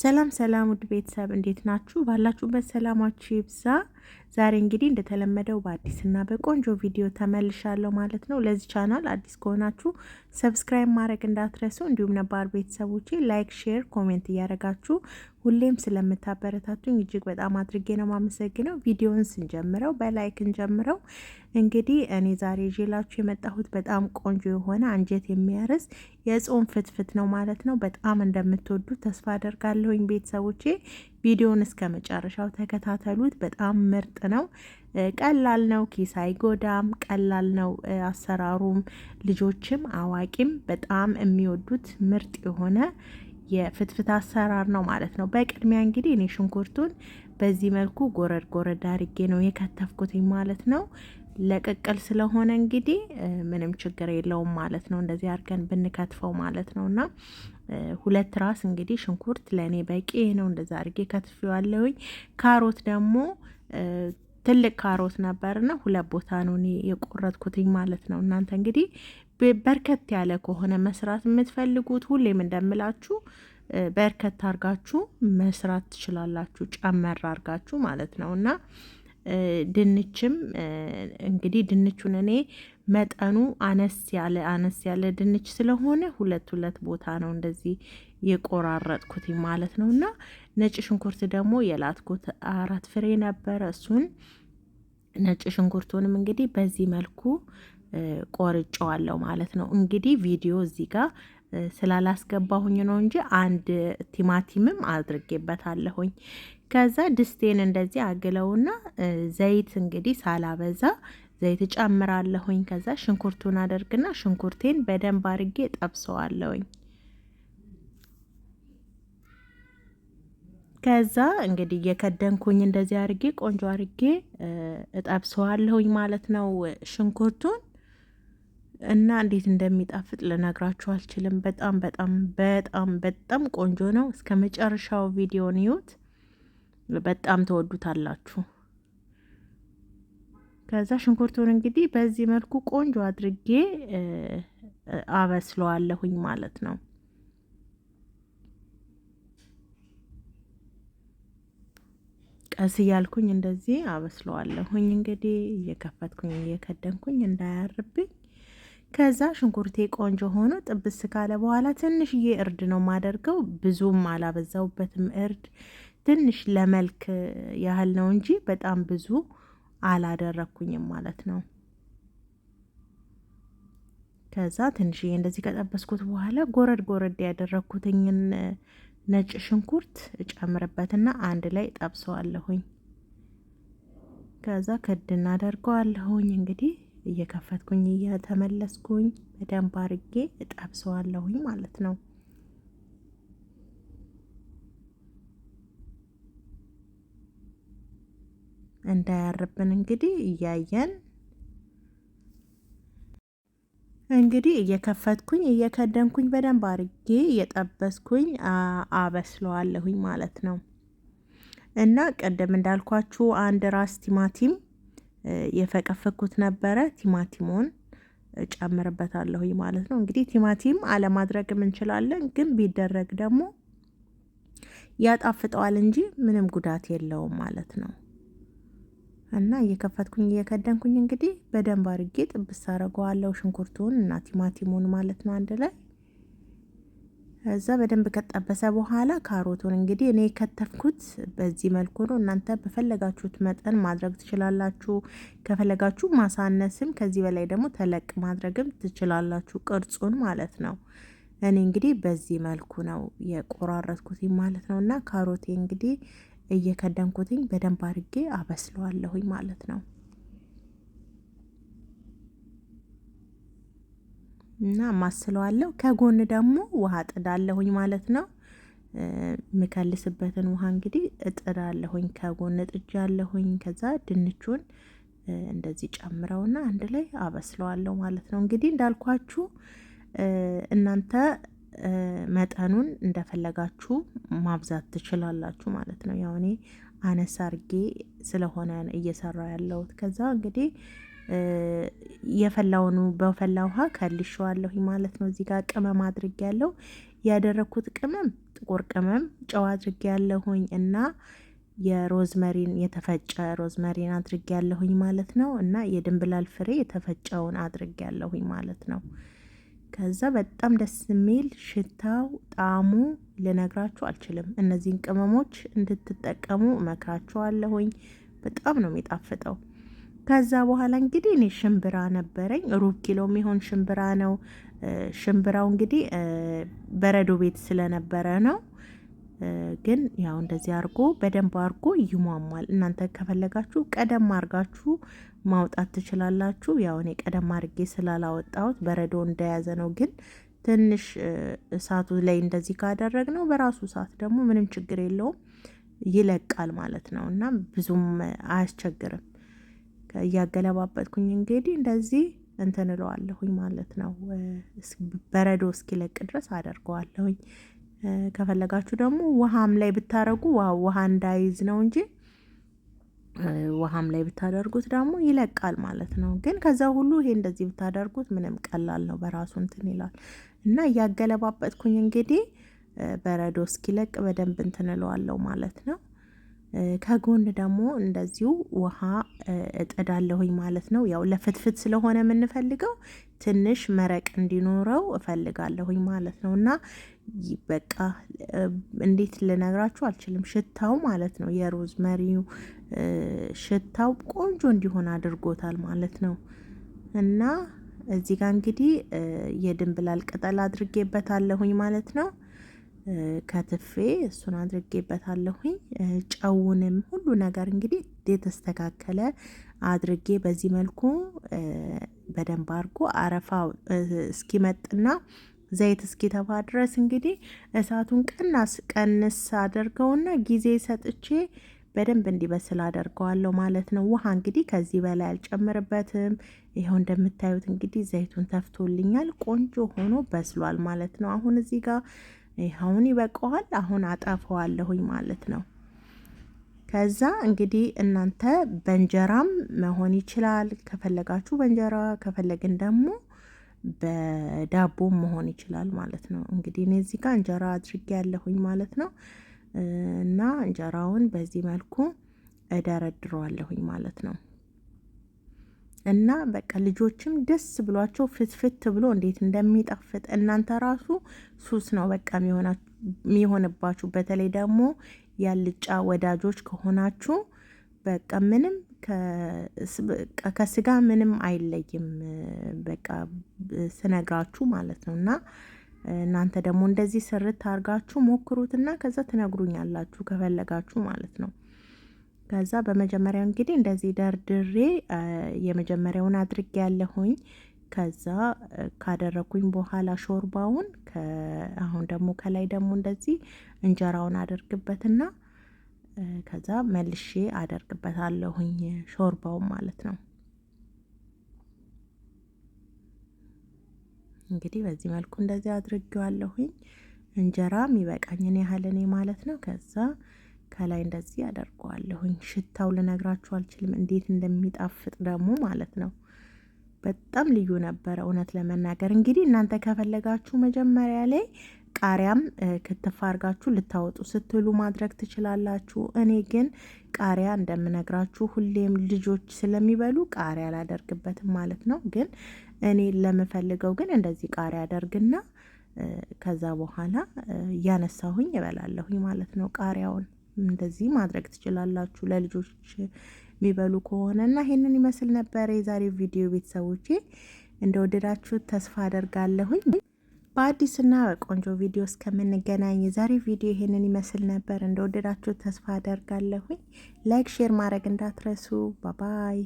ሰላም ሰላም፣ ውድ ቤተሰብ እንዴት ናችሁ? ባላችሁበት ሰላማችሁ ይብዛ። ዛሬ እንግዲህ እንደተለመደው እና በቆንጆ ቪዲዮ ተመልሻለሁ ማለት ነው። ለዚህ ቻናል አዲስ ከሆናችሁ ሰብስክራይብ ማድረግ እንዳትረሱ፣ እንዲሁም ነባር ቤተሰቦቼ ላይክ፣ ሼር፣ ኮሜንት እያደረጋችሁ ሁሌም ስለምታበረታቱኝ እጅግ በጣም አድርጌ ነው የማመሰግነው። ቪዲዮን ስንጀምረው በላይክ እንጀምረው። እንግዲህ እኔ ዛሬ ይዤላችሁ የመጣሁት በጣም ቆንጆ የሆነ አንጀት የሚያርስ የጾም ፍትፍት ነው ማለት ነው። በጣም እንደምትወዱ ተስፋ አደርጋለሁኝ ቤተሰቦቼ። ቪዲዮን እስከ መጨረሻው ተከታተሉት። በጣም ምርጥ ነው። ቀላል ነው፣ ኪስ አይጎዳም። ቀላል ነው አሰራሩም። ልጆችም አዋቂም በጣም የሚወዱት ምርጥ የሆነ የፍትፍት አሰራር ነው ማለት ነው። በቅድሚያ እንግዲህ እኔ ሽንኩርቱን በዚህ መልኩ ጎረድ ጎረድ አድርጌ ነው የከተፍኩትኝ ማለት ነው። ለቅቅል ስለሆነ እንግዲህ ምንም ችግር የለውም ማለት ነው። እንደዚህ አድርገን ብንከትፈው ማለት ነው እና ሁለት ራስ እንግዲህ ሽንኩርት ለእኔ በቂ ነው። እንደዛ አድርጌ ከትፌዋለሁኝ። ካሮት ደግሞ ትልቅ ካሮት ነበርና ሁለት ቦታ ነው እኔ የቆረጥኩትኝ ማለት ነው። እናንተ እንግዲህ በርከት ያለ ከሆነ መስራት የምትፈልጉት ሁሌም እንደምላችሁ በርከት አርጋችሁ መስራት ትችላላችሁ፣ ጨመር አርጋችሁ ማለት ነው እና ድንችም እንግዲህ ድንቹን እኔ መጠኑ አነስ ያለ አነስ ያለ ድንች ስለሆነ ሁለት ሁለት ቦታ ነው እንደዚህ የቆራረጥኩት ማለት ነው። እና ነጭ ሽንኩርት ደግሞ የላትኩት አራት ፍሬ ነበረ። እሱን ነጭ ሽንኩርቱንም እንግዲህ በዚህ መልኩ ቆርጨዋለሁ ማለት ነው። እንግዲህ ቪዲዮ እዚህ ጋር ስላላስገባሁኝ ነው እንጂ አንድ ቲማቲምም አድርጌበታለሁኝ። ከዛ ድስቴን እንደዚህ አግለውና ዘይት እንግዲህ ሳላበዛ ዘይት ጨምራለሁኝ። ከዛ ሽንኩርቱን አደርግና ሽንኩርቴን በደንብ አርጌ ጠብሰዋለሁኝ። ከዛ እንግዲህ የከደንኩኝ እንደዚህ አርጌ ቆንጆ አርጌ እጠብሰዋለሁኝ ማለት ነው ሽንኩርቱን እና እንዴት እንደሚጣፍጥ ልነግራችሁ አልችልም። በጣም በጣም በጣም በጣም ቆንጆ ነው። እስከ መጨረሻው ቪዲዮን ይዩት። በጣም ተወዱታላችሁ። ከዛ ሽንኩርቱን እንግዲህ በዚህ መልኩ ቆንጆ አድርጌ አበስለዋለሁኝ ማለት ነው። ቀስ እያልኩኝ እንደዚህ አበስለዋለሁኝ እንግዲህ እየከፈትኩኝ እየከደንኩኝ እንዳያርብኝ። ከዛ ሽንኩርቴ ቆንጆ ሆኖ ጥብስ ካለ በኋላ ትንሽዬ እርድ ነው ማደርገው፣ ብዙም አላበዛውበትም። እርድ ትንሽ ለመልክ ያህል ነው እንጂ በጣም ብዙ አላደረግኩኝም ማለት ነው። ከዛ ትንሽ እንደዚህ ከጠበስኩት በኋላ ጎረድ ጎረድ ያደረግኩትኝን ነጭ ሽንኩርት እጨምርበትና አንድ ላይ ጠብሰዋለሁኝ። ከዛ ክድ እናደርገዋለሁኝ እንግዲህ እየከፈትኩኝ እየተመለስኩኝ በደንብ አርጌ እጠብሰዋለሁኝ ማለት ነው። እንዳያርብን እንግዲህ እያየን እንግዲህ እየከፈትኩኝ እየከደንኩኝ በደንብ አርጌ እየጠበስኩኝ አበስለዋለሁኝ ማለት ነው። እና ቀደም እንዳልኳችሁ አንድ ራስ ቲማቲም የፈቀፈኩት ነበረ። ቲማቲሙን ጨምርበታለሁኝ ማለት ነው። እንግዲህ ቲማቲም አለማድረግም እንችላለን፣ ግን ቢደረግ ደግሞ ያጣፍጠዋል እንጂ ምንም ጉዳት የለውም ማለት ነው። እና እየከፈትኩኝ እየከደንኩኝ እንግዲህ በደንብ አድርጌ ጥብስ አደርገዋለሁ። ሽንኩርቱን እና ቲማቲሙን ማለት ነው አንድ ላይ እዛ በደንብ ከጠበሰ በኋላ ካሮቱን እንግዲህ እኔ የከተፍኩት በዚህ መልኩ ነው። እናንተ በፈለጋችሁት መጠን ማድረግ ትችላላችሁ። ከፈለጋችሁ ማሳነስም ከዚህ በላይ ደግሞ ተለቅ ማድረግም ትችላላችሁ፣ ቅርጹን ማለት ነው። እኔ እንግዲህ በዚህ መልኩ ነው የቆራረጥኩት ማለት ነው እና ካሮቴ እንግዲህ እየከደንኩትኝ በደንብ አድርጌ አበስለዋለሁኝ ማለት ነው። እና ማስለዋለሁ። ከጎን ደግሞ ውሃ ጥዳለሁኝ ማለት ነው። ምከልስበትን ውሃ እንግዲህ እጥዳለሁኝ ከጎን ጥጃለሁኝ። ከዛ ድንቹን እንደዚህ ጨምረውና አንድ ላይ አበስለዋለሁ ማለት ነው። እንግዲህ እንዳልኳችሁ እናንተ መጠኑን እንደፈለጋችሁ ማብዛት ትችላላችሁ ማለት ነው። ያው እኔ አነስ አርጌ ስለሆነ እየሰራ ያለሁት ከዛ እንግዲህ የፈላውኑ በፈላ ውሃ ከልሸዋለሁ ማለት ነው። እዚህ ጋር ቅመም አድርጌ ያለው ያደረግኩት ቅመም ጥቁር ቅመም፣ ጨው አድርጌ ያለሁኝ እና የሮዝመሪን የተፈጨ ሮዝመሪን አድርጌ ያለሁኝ ማለት ነው። እና የድንብላል ፍሬ የተፈጨውን አድርጌ ያለሁኝ ማለት ነው። ከዛ በጣም ደስ የሚል ሽታው ጣዕሙ ልነግራችሁ አልችልም። እነዚህን ቅመሞች እንድትጠቀሙ እመክራችኋለሁኝ። በጣም ነው የሚጣፍጠው። ከዛ በኋላ እንግዲህ እኔ ሽምብራ ነበረኝ፣ ሩብ ኪሎ የሚሆን ሽምብራ ነው። ሽምብራው እንግዲህ በረዶ ቤት ስለነበረ ነው ግን ያው እንደዚህ አድርጎ በደንብ አድርጎ ይሟሟል። እናንተ ከፈለጋችሁ ቀደም አድርጋችሁ ማውጣት ትችላላችሁ። ያው እኔ ቀደም አድርጌ ስላላወጣሁት በረዶ እንደያዘ ነው። ግን ትንሽ እሳቱ ላይ እንደዚህ ካደረግ ነው በራሱ እሳት ደግሞ ምንም ችግር የለውም ይለቃል ማለት ነው እና ብዙም አያስቸግርም። እያገለባበጥኩኝ እንግዲህ እንደዚህ እንትን እለዋለሁኝ ማለት ነው። በረዶ እስኪለቅ ድረስ አደርገዋለሁኝ። ከፈለጋችሁ ደግሞ ውሃም ላይ ብታረጉ ውሃ እንዳይዝ ነው እንጂ ውሃም ላይ ብታደርጉት ደግሞ ይለቃል ማለት ነው። ግን ከዛ ሁሉ ይሄ እንደዚህ ብታደርጉት ምንም ቀላል ነው፣ በራሱ እንትን ይላል እና እያገለባበጥኩኝ እንግዲህ በረዶ እስኪለቅ በደንብ እንትን እለዋለሁ ማለት ነው። ከጎን ደግሞ እንደዚሁ ውሃ እጥዳለሁኝ ማለት ነው። ያው ለፍትፍት ስለሆነ የምንፈልገው ትንሽ መረቅ እንዲኖረው እፈልጋለሁኝ ማለት ነው። እና በቃ እንዴት ልነግራችሁ አልችልም። ሽታው ማለት ነው መሪው ሽታው ቆንጆ እንዲሆን አድርጎታል ማለት ነው። እና እዚህ ጋር እንግዲህ የድንብላል ቅጠል አድርጌበታለሁኝ ማለት ነው። ከትፌ እሱን አድርጌበታለሁኝ። ጨውንም ሁሉ ነገር እንግዲህ የተስተካከለ አድርጌ በዚህ መልኩ በደንብ አድርጎ አረፋው እስኪመጥና ዘይት እስኪተፋ ድረስ እንግዲህ እሳቱን ቀናስ ቀንስ አደርገውና ጊዜ ሰጥቼ በደንብ እንዲበስል አደርገዋለሁ ማለት ነው። ውሃ እንግዲህ ከዚህ በላይ አልጨምርበትም። ይኸው እንደምታዩት እንግዲህ ዘይቱን ተፍቶልኛል፣ ቆንጆ ሆኖ በስሏል ማለት ነው። አሁን እዚህ ጋር ይኸውን ይበቀዋል አሁን አጠፈዋለሁኝ ማለት ነው። ከዛ እንግዲህ እናንተ በእንጀራም መሆን ይችላል። ከፈለጋችሁ በእንጀራ ከፈለግን ደግሞ በዳቦም መሆን ይችላል ማለት ነው። እንግዲህ እኔ እዚህ ጋር እንጀራ አድርጌ ያለሁኝ ማለት ነው። እና እንጀራውን በዚህ መልኩ እደረድረዋለሁኝ ማለት ነው። እና በቃ ልጆችም ደስ ብሏቸው ፍትፍት ብሎ እንዴት እንደሚጣፍጥ እናንተ ራሱ ሱስ ነው በቃ የሚሆንባችሁ። በተለይ ደግሞ ያልጫ ወዳጆች ከሆናችሁ በቃ ምንም ከስጋ ምንም አይለይም። በቃ ስነግራችሁ ማለት ነው። እና እናንተ ደግሞ እንደዚህ ስርት ሞክሩት ሞክሩትና ከዛ ትነግሩኛላችሁ ከፈለጋችሁ ማለት ነው። ከዛ በመጀመሪያ እንግዲህ እንደዚህ ደርድሬ የመጀመሪያውን አድርጌ ያለሁኝ ከዛ ካደረኩኝ በኋላ ሾርባውን አሁን ደግሞ ከላይ ደግሞ እንደዚህ እንጀራውን አደርግበትና ከዛ መልሼ አደርግበታለሁኝ ሾርባውን ማለት ነው። እንግዲህ በዚህ መልኩ እንደዚህ አድርጌዋለሁኝ። እንጀራም ይበቃኝን ያህል እኔ ማለት ነው። ከዛ ከላይ እንደዚህ አደርገዋለሁኝ። ሽታው ልነግራችሁ አልችልም እንዴት እንደሚጣፍጥ ደግሞ ማለት ነው። በጣም ልዩ ነበረ። እውነት ለመናገር እንግዲህ እናንተ ከፈለጋችሁ መጀመሪያ ላይ ቃሪያም ክትፍ አርጋችሁ ልታወጡ ስትሉ ማድረግ ትችላላችሁ። እኔ ግን ቃሪያ እንደምነግራችሁ ሁሌም ልጆች ስለሚበሉ ቃሪያ አላደርግበትም ማለት ነው። ግን እኔ ለምፈልገው ግን እንደዚህ ቃሪያ አደርግና ከዛ በኋላ እያነሳሁኝ እበላለሁኝ ማለት ነው። ቃሪያውን እንደዚህ ማድረግ ትችላላችሁ ለልጆች የሚበሉ ከሆነ እና ይህንን ይመስል ነበር የዛሬው ቪዲዮ ቤተሰቦቼ፣ እንደወደዳችሁ ተስፋ አደርጋለሁኝ። በአዲስና በቆንጆ ቪዲዮ እስከምንገናኝ የዛሬ ቪዲዮ ይሄንን ይመስል ነበር። እንደወደዳችሁ ተስፋ አደርጋለሁኝ። ላይክ፣ ሼር ማድረግ እንዳትረሱ። ባባይ